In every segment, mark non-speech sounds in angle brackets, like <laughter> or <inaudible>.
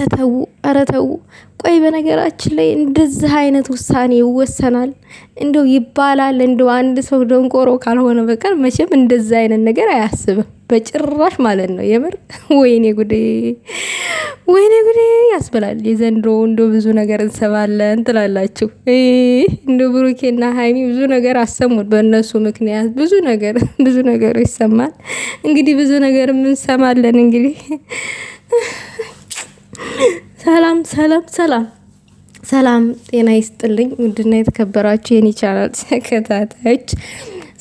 ተተዉ ኧረ ተዉ። ቆይ በነገራችን ላይ እንደዚህ አይነት ውሳኔ ይወሰናል እንደው ይባላል? እንደው አንድ ሰው ደንቆሮ ካልሆነ በቀር መቼም እንደዚህ አይነት ነገር አያስብም በጭራሽ ማለት ነው። የምር ወይኔ ጉዴ፣ ወይኔ ጉዴ ያስብላል። የዘንድሮ እንደ ብዙ ነገር እንሰባለን ትላላችሁ። እንደ ብሩኬና ሀይሚ ብዙ ነገር አሰሙት። በእነሱ ምክንያት ብዙ ነገር ብዙ ነገሩ ይሰማል። እንግዲህ ብዙ ነገር እንሰማለን እንግዲህ ሰላም ሰላም ሰላም ሰላም፣ ጤና ይስጥልኝ። ውድና የተከበራችሁ የኔ ቻናል ተከታታዮች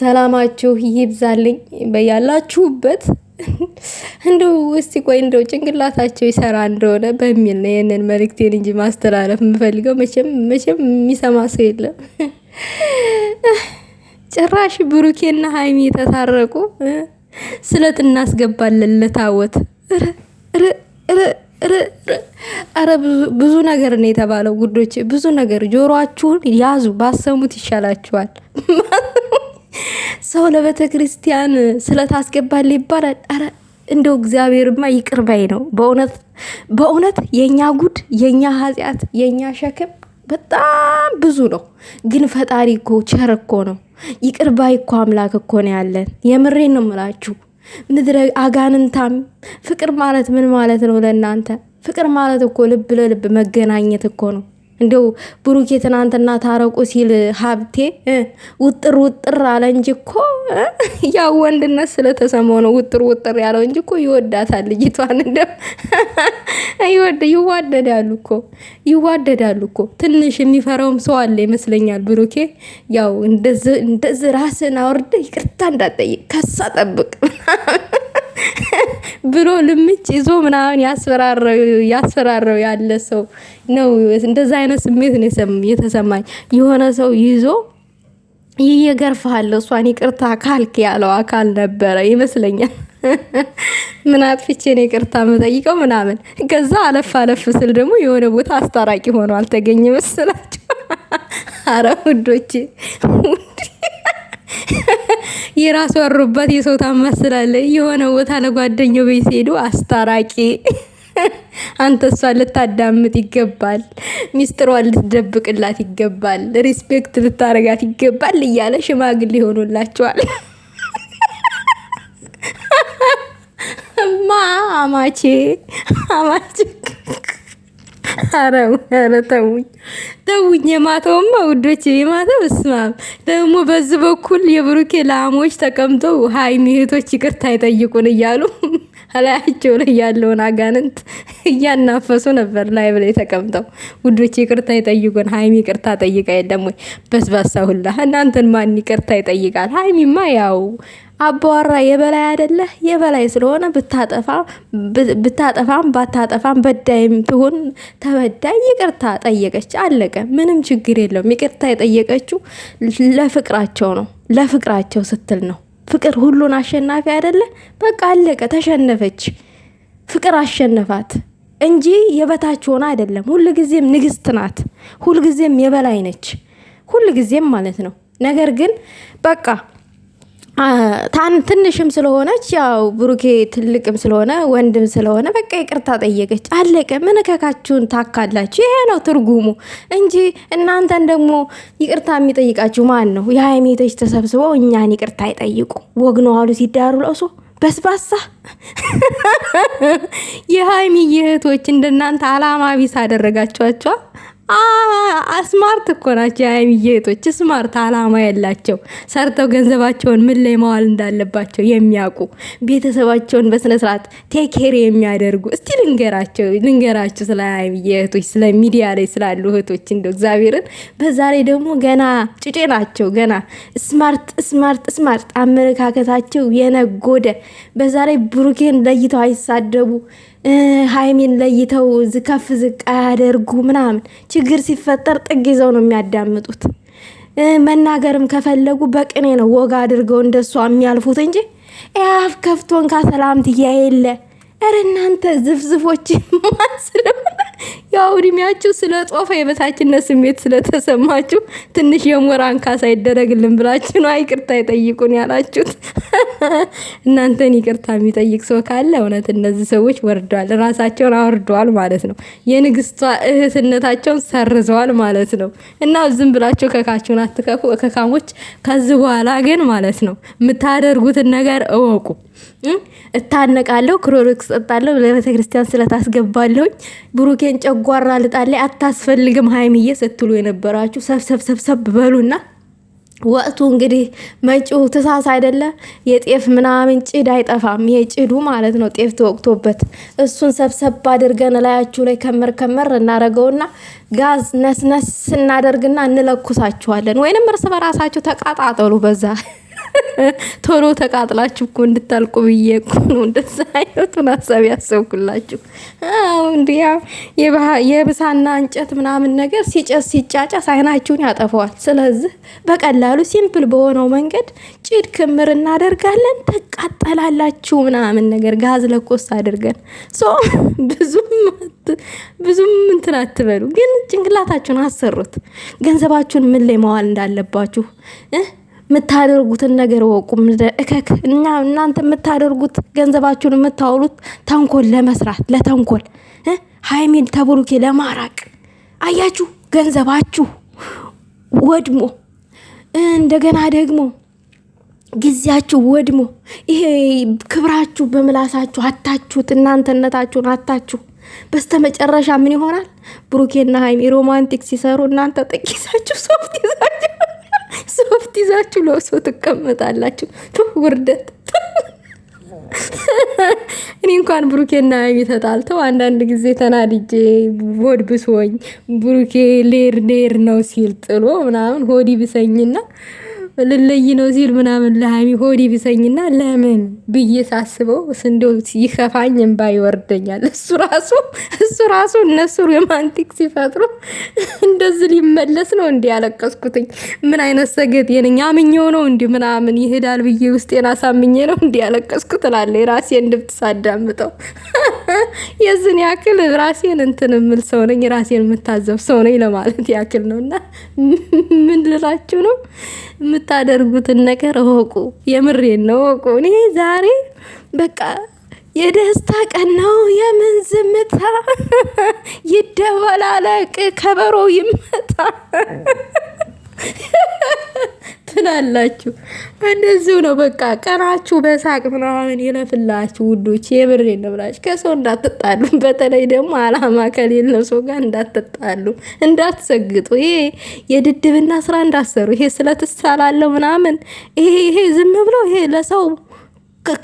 ሰላማችሁ ይብዛልኝ በያላችሁበት። እንደው እስቲ ቆይ እንደው ጭንቅላታቸው ይሰራ እንደሆነ በሚል ነው ይህንን መልእክቴን እንጂ ማስተላለፍ የምፈልገው መቼም መቼም የሚሰማ ሰው የለም። ጭራሽ ብሩኬና ሀይሚ የተታረቁ ስለት እናስገባለን ለታወት አረ ብዙ ነገር ነው የተባለው። ጉዶች ብዙ ነገር ጆሮአችሁን ያዙ፣ ባሰሙት ይሻላችኋል። ሰው ለቤተ ክርስቲያን ስለታስገባል ይባላል። አረ እንደው እግዚአብሔርማ ይቅር ባይ ነው። በእውነት በእውነት የእኛ ጉድ፣ የእኛ ኃጢአት፣ የእኛ ሸክም በጣም ብዙ ነው። ግን ፈጣሪ እኮ ቸር እኮ ነው። ይቅር ባይ እኮ አምላክ እኮ ነው ያለን። የምሬን ነው ምላችሁ። ምድረ አጋንንታም ፍቅር ማለት ምን ማለት ነው? ለእናንተ ፍቅር ማለት እኮ ልብ ለልብ መገናኘት እኮ ነው። እንደው ብሩኬ ትናንትና ታረቁ ሲል ሀብቴ ውጥር ውጥር አለ እንጂ እኮ ያ ወንድነት ስለተሰማው ነው ውጥር ውጥር ያለው እንጂ እኮ ይወዳታል ልጅቷን። እንደው ይዋደዳሉ እኮ ይዋደዳሉ እኮ። ትንሽ የሚፈራውም ሰው አለ ይመስለኛል። ብሩኬ ያው እንደዚህ ራስን አውርደ ይቅርታ እንዳጠይቅ ከሳ ጠብቅ <laughs> ብሎ ልምጭ ይዞ ምናምን ያስፈራረው ያለ ሰው ነው። እንደዛ አይነት ስሜት ነው የተሰማኝ። የሆነ ሰው ይዞ ይየገርፈሃል እሷን ይቅርታ ካልክ ያለው አካል ነበረ ይመስለኛል። <laughs> ምን አጥፍቼ ነው ይቅርታ መጠይቀው ምናምን። ከዛ አለፍ አለፍ ስል ደግሞ የሆነ ቦታ አስታራቂ ሆኖ አልተገኘ መስላቸው። <laughs> አረ ውዶቼ የራሱ አሮባት የሰው ታማት የሆነ ቦታ ለጓደኛው ቤት ሲሄዱ አስታራቂ <laughs> አንተ እሷ ልታዳምጥ ይገባል፣ ሚስጥሯ ልትደብቅላት ይገባል፣ ሪስፔክት ልታረጋት ይገባል እያለ ሽማግሌ ሆኖላቸዋል። <laughs> ማ አማቼ አማቼ አረ አረ ተውኝ ተውኝ። የማታውማ ውዶች የማተው እስማ ደግሞ በዚህ በኩል የብሩኬ ላሞች ተቀምጠው ሀይ እህቶች ይቅርታ አይጠይቁን እያሉ ከላያቸው ላይ ያለውን አጋንንት እያናፈሱ ነበር ላይ ተቀምጠው። ውዶች ይቅርታ ይጠይቁን። ሀይሚ ይቅርታ ጠይቃ የለም ወይ? በስባሳ ሁላ እናንተን ማን ይቅርታ ይጠይቃል? ሀይሚማ ያው አባዋራ የበላይ አይደለ? የበላይ ስለሆነ ብታጠፋም ባታጠፋም በዳይም ትሁን ተበዳይ ይቅርታ ጠየቀች። አለቀ። ምንም ችግር የለውም። ይቅርታ የጠየቀችው ለፍቅራቸው ነው፣ ለፍቅራቸው ስትል ነው። ፍቅር ሁሉን አሸናፊ አይደለ? በቃ አለቀ፣ ተሸነፈች። ፍቅር አሸነፋት እንጂ የበታች ሆና አይደለም። ጊዜም ንግስት ናት፣ ጊዜም የበላይ ነች፣ ጊዜም ማለት ነው። ነገር ግን በቃ ትንሽም ስለሆነች ያው ብሩኬ ትልቅም ስለሆነ ወንድም ስለሆነ በቃ ይቅርታ ጠየቀች። አለቀ። ምንከካችሁን ታካላችሁ። ይሄ ነው ትርጉሙ እንጂ እናንተን ደግሞ ይቅርታ የሚጠይቃችሁ ማን ነው? የሃይሜቶች ተሰብስበው እኛን ይቅርታ አይጠይቁ ወግ አሉ ሲዳሩ ለእሱ በስባሳ <laughs> የሃይሚ እህቶች እንደናንተ አላማ ቢስ አደረጋችኋቸዋ። ስማርት እኮ ናቸው የሚየቶች ስማርት አላማ ያላቸው ሰርተው ገንዘባቸውን ምን ላይ መዋል እንዳለባቸው የሚያውቁ ቤተሰባቸውን በስነስርዓት ቴኬር የሚያደርጉ እስቲ ልንገራቸው ልንገራቸው ስለ የሚየቶች ስለ ሚዲያ ላይ ስላሉ እህቶች እንደ እግዚአብሔርን በዛ ላይ ደግሞ ገና ጩጬ ናቸው ገና ስማርት ስማርት ስማርት አመለካከታቸው የነጎደ በዛ ላይ ብሩኬን ለይተው አይሳደቡ ሀይሚን ለይተው ዝከፍ ዝቅ አያደርጉ ምናምን ችግር ሲፈጠር ጥግ ይዘው ነው የሚያዳምጡት። መናገርም ከፈለጉ በቅኔ ነው ወጋ አድርገው እንደሷ የሚያልፉት እንጂ ያፍ ከፍቶን ካሰላምት የለ ኧረ እናንተ ዝፍዝፎች ማን <laughs> ያው እድሜያችሁ ስለ ጦፈ የበታችነት ስሜት ስለተሰማችሁ ትንሽ የሞራ ካሳ ይደረግልን ብላችሁ ነው አይቅርታ ይጠይቁን ያላችሁት። <laughs> እናንተን ይቅርታ የሚጠይቅ ሰው ካለ እውነት እነዚህ ሰዎች ወርደዋል፣ ራሳቸውን አወርደዋል ማለት ነው። የንግስቷ እህትነታቸውን ሰርዘዋል ማለት ነው። እና ዝም ብላቸው ከካችሁን አትከፉ ከካሞች። ከዚህ በኋላ ግን ማለት ነው የምታደርጉትን ነገር እወቁ። እታነቃለሁ፣ ክሮሪክስ ጠጣለሁ፣ ለቤተ ክርስቲያን ስለታስገባለሁኝ ብሩኬን ጨጓራ ልጣለ አታስፈልግም ሀይምዬ ስትሉ የነበራችሁ ሰብሰብሰብሰብ በሉና ወቅቱ እንግዲህ መጪው ትሳስ አይደለ? የጤፍ ምናምን ጭድ አይጠፋም። ይሄ ጭዱ ማለት ነው፣ ጤፍ ተወቅቶበት እሱን ሰብሰብ አድርገን ላያችሁ ላይ ከመር ከመር እናደርገውና ጋዝ ነስነስ እናደርግና እንለኩሳችኋለን። ወይንም እርስ በራሳችሁ ተቃጣጠሉ በዛ ቶሎ ተቃጥላችሁ እኮ እንድታልቁ ብዬ እኮ ነው እንደዛ አይነቱን ሀሳብ ያሰብኩላችሁ። እንዲያ የብሳና እንጨት ምናምን ነገር ሲጨስ ሲጫጫስ አይናችሁን ያጠፈዋል። ስለዚህ በቀላሉ ሲምፕል በሆነው መንገድ ጭድ ክምር እናደርጋለን። ተቃጠላላችሁ ምናምን ነገር ጋዝ ለኮስ አድርገን ብዙም ብዙም እንትን አትበሉ፣ ግን ጭንቅላታችሁን አሰሩት። ገንዘባችሁን ምን ላይ መዋል እንዳለባችሁ የምታደርጉትን ነገር ወቁ። እከክ እና እናንተ የምታደርጉት ገንዘባችሁን የምታውሉት ተንኮል ለመስራት ለተንኮል ሀይሚን ተብሩኬ ለማራቅ አያችሁ፣ ገንዘባችሁ ወድሞ እንደገና ደግሞ ጊዜያችሁ ወድሞ ይሄ ክብራችሁ በምላሳችሁ አታችሁት እናንተነታችሁን አታችሁ በስተ መጨረሻ ምን ይሆናል? ብሩኬና ሀይሚ ሮማንቲክ ሲሰሩ እናንተ ጥቂሳችሁ ሶፍት ይዛችሁ ሶፍት ይዛችሁ ለብሶ ትቀመጣላችሁ። ውርደት። እኔ እንኳን ብሩኬና ሀይሚ ተጣልተው አንዳንድ ጊዜ ተናድጄ ሆድ ብሶኝ ብሩኬ ሌር ሌር ነው ሲል ጥሎ ምናምን ሆዲ ብሰኝና ልለይ ነው ሲል ምናምን ለሀሚ ሆዲ ቢሰኝና ለምን ብዬ ሳስበው እንደው ይከፋኝ እንባ ይወርደኛል። እሱ ራሱ እሱ ራሱ እነሱ ሮማንቲክ ሲፈጥሩ እንደዚህ ሊመለስ ነው እንዲ ያለቀስኩትኝ። ምን አይነት ሰገጤ ነኝ? አምኜው ነው እንዲ ምናምን ይሄዳል ብዬ ውስጤን አሳምኜ ነው እንዲ ያለቀስኩት እላለ የራሴን ድምፅ ሳዳምጠው የዝን ያክል ራሴን እንትን ምል ሰው ነኝ፣ ራሴን የምታዘብ ሰው ነኝ ለማለት ያክል ነው እና ምን ልላችሁ ነው የምታደርጉትን ነገር እወቁ። የምሬን ነው እወቁ። እኔ ዛሬ በቃ የደስታ ቀን ነው። የምን ዝምታ ይደበላለቅ፣ ከበሮ ይመታ። <laughs> ትላላችሁ። እንደዚሁ ነው በቃ ቀናችሁ በሳቅ ምናምን ይለፍላችሁ ውዶች። የብሬ ነብራች ከሰው እንዳትጣሉ፣ በተለይ ደግሞ አላማ ከሌለው ሰው ጋር እንዳትጣሉ፣ እንዳትሰግጡ። ይሄ የድድብና ስራ እንዳሰሩ ይሄ ስለትሳላለው ምናምን ይሄ ይሄ ዝም ብሎ ይሄ ለሰው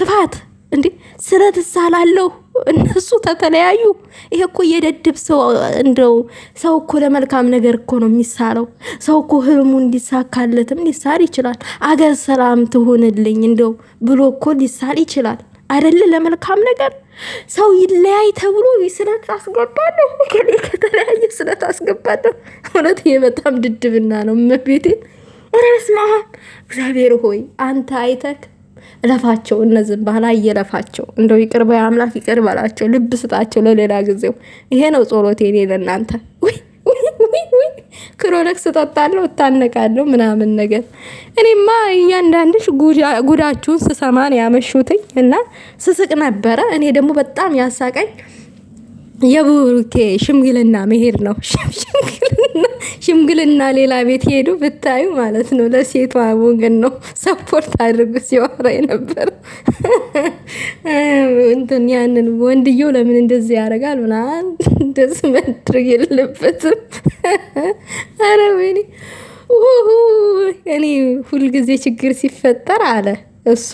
ክፋት እንዴ ስለትሳላለሁ እነሱ ተተለያዩ። ይሄ እኮ የደድብ ሰው እንደው ሰው እኮ ለመልካም ነገር እኮ ነው የሚሳለው። ሰው እኮ ህልሙ እንዲሳካለትም ሊሳል ይችላል። አገር ሰላም ትሆንልኝ እንደው ብሎ እኮ ሊሳል ይችላል አይደል? ለመልካም ነገር ሰው ይለያይ ተብሎ ስለት አስገባለሁ ከሌ ከተለያየ ስለት አስገባለሁ። እውነት ይሄ በጣም ድድብና ነው። መቤቴን ረስማ እግዚአብሔር ሆይ አንተ አይተክ እለፋቸው እነዚህ ባህላ እየለፋቸው እንደው ይቅር በይ አምላክ ይቅር በላቸው፣ ልብ ስጣቸው ለሌላ ጊዜው። ይሄ ነው ጸሎቴ እኔ ለእናንተ። ክሮለክስ እጠጣለሁ እታነቃለሁ ምናምን ነገር። እኔማ እያንዳንድሽ ጉዳችሁን ስሰማን ያመሹትኝ እና ስስቅ ነበረ። እኔ ደግሞ በጣም ያሳቀኝ የቡሩኬ ሽምግልና መሄድ ነው። <laughs> ሽምግልና ሌላ ቤት ሄዱ ብታዩ ማለት ነው። ለሴቷ ወገን ነው ሰፖርት አድርጉ ሲዋራ የነበረ <laughs> እንትን ያንን ወንድየው ለምን እንደዚህ ያደርጋል ምናምን <laughs> እንደዚህ መድረግ የለበትም። አረ ወይኔ እኔ ሁልጊዜ ችግር ሲፈጠር አለ እሱ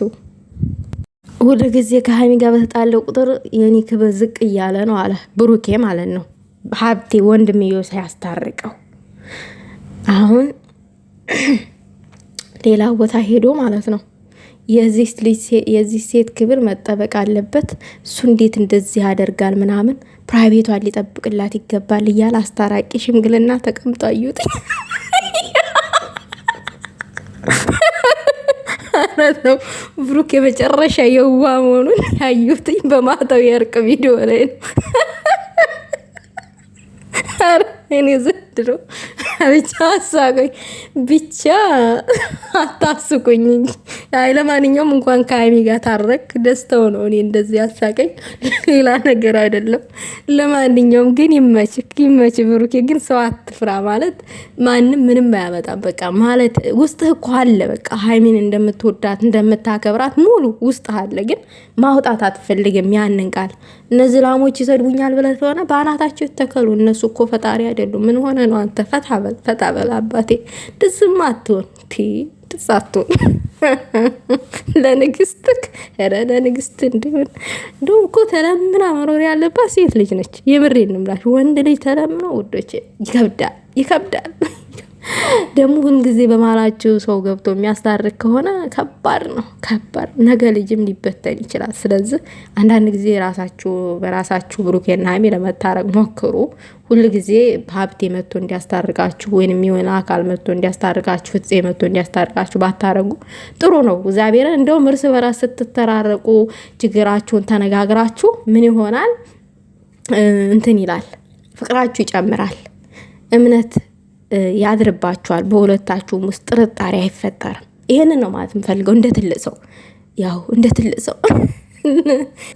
ወደ ጊዜ ከሀይሚ ጋር በተጣለው ቁጥር የኔ ክብር ዝቅ እያለ ነው አለ ብሩኬ ማለት ነው። ሀብቴ ወንድምዮ ሳያስታርቀው አሁን ሌላ ቦታ ሄዶ ማለት ነው። የዚህ ሴት ክብር መጠበቅ አለበት። እሱ እንዴት እንደዚህ ያደርጋል ምናምን ፕራይቬቷን ሊጠብቅላት ይገባል እያለ አስታራቂ ሽምግልና ተቀምጦ አዩጥ ማለት ነው። ብሩክ የመጨረሻ የዋ መሆኑን ያዩትኝ በማታው የእርቅ ቪዲዮ ላይ ነው። <laughs> ኧረ እኔ ዘንድሮ <laughs> ብቻ አሳቆኝ ብቻ አታስቁኝ እንጂ። አይ ለማንኛውም እንኳን ከሀይሚ ጋር ታረክ ደስተው ነው። እኔ እንደዚህ አሳቀኝ፣ ሌላ ነገር አይደለም። ለማንኛውም ግን ይመች ይመች። ብሩኬ ግን ሰው አትፍራ ማለት ማንም ምንም አያመጣም። በቃ ማለት ውስጥህ እኮ አለ። በቃ ሀይሚን እንደምትወዳት እንደምታከብራት ሙሉ ውስጥህ አለ፣ ግን ማውጣት አትፈልግም ያንን ቃል። እነዚህ ላሞች ይሰድቡኛል ብለህ ከሆነ በአናታቸው ይተከሉ። እነሱ እኮ ፈጣሪ አይደሉም። ምን ሆነ ነው አንተ ፈታ ፈታበል ፈታ አባቴ። ድስማ አትሆን ቲ ድስ አትሆን <laughs> ለንግስትክ ረ ለንግስት እንዲሆን እንዲሁም እኮ ተለምና መኖር ያለባት ሴት ልጅ ነች። የምሬን ነው ወንድ ልጅ ተለምኖ ውዶች ይከብዳል፣ ይከብዳል። <laughs> ደግሞ ጊዜ በመሀላችሁ ሰው ገብቶ የሚያስታርቅ ከሆነ ከባድ ነው። ከባድ ነገ ልጅም ሊበተን ይችላል። ስለዚህ አንዳንድ ጊዜ ራሳችሁ በራሳችሁ ብሩኬና ሀይሚ ለመታረቅ ሞክሩ። ጊዜ ሀብቴ መጥቶ እንዲያስታርቃችሁ ወይም የሆነ አካል መጥቶ እንዲያስታርቃችሁ፣ ፍፄ መጥቶ እንዲያስታርቃችሁ ባታረጉ ጥሩ ነው። እግዚአብሔርን እንደውም እርስ በራስ ስትተራረቁ ችግራችሁን ተነጋግራችሁ ምን ይሆናል እንትን ይላል ፍቅራችሁ ይጨምራል እምነት ያድርባችኋል። በሁለታችሁም ውስጥ ጥርጣሬ አይፈጠርም። ይህንን ነው ማለት የምፈልገው እንደ ትልቅ ሰው ያው እንደ ትልቅ ሰው <laughs>